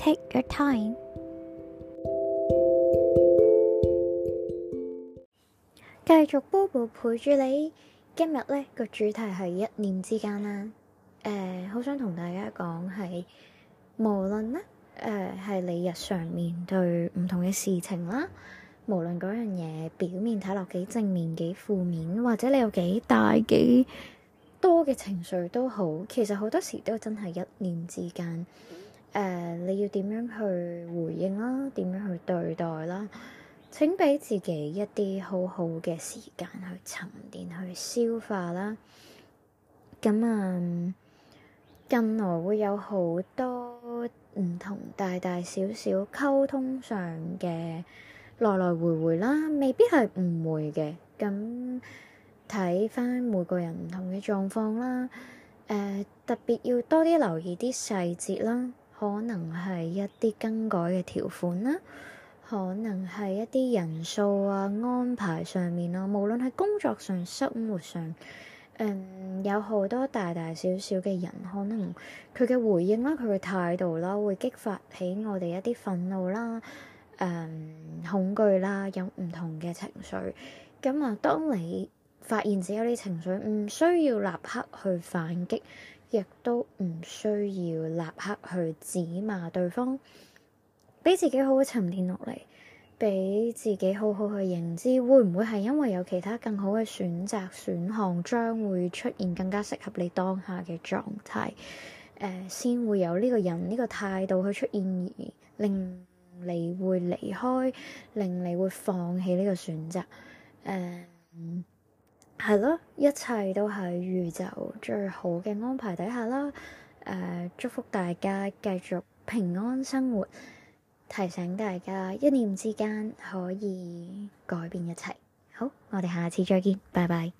Take your time。繼續 Bobo 陪住你。今日咧個主題係一念之間啦。誒、呃，好想同大家講係，無論咧誒係你日常面對唔同嘅事情啦，無論嗰樣嘢表面睇落幾正面幾負面，或者你有幾大幾多嘅情緒都好，其實好多時都真係一念之間。誒，uh, 你要點樣去回應啦？點樣去對待啦？請俾自己一啲好好嘅時間去沉澱、去消化啦。咁啊，近來會有好多唔同大大小小溝通上嘅來來回回啦，未必係誤會嘅。咁睇翻每個人唔同嘅狀況啦。誒、啊，特別要多啲留意啲細節啦。可能係一啲更改嘅條款啦，可能係一啲人數啊、安排上面啦，無論係工作上、生活上，誒、嗯、有好多大大小小嘅人，可能佢嘅回應啦、佢嘅態度啦，會激發起我哋一啲憤怒啦、誒、嗯、恐懼啦，有唔同嘅情緒。咁、嗯、啊，當你發現自己有啲情緒，唔需要立刻去反擊。亦都唔需要立刻去指罵對方，俾自己好好沉澱落嚟，俾自己好好去認知，會唔會係因為有其他更好嘅選擇選項將會出現更加適合你當下嘅狀態？呃，先會有呢個人呢個態度去出現而令你會離開，令你會放棄呢個選擇，呃係咯，一切都喺宇宙最好嘅安排底下啦。誒、呃，祝福大家繼續平安生活，提醒大家一念之間可以改變一切。好，我哋下次再見，拜拜。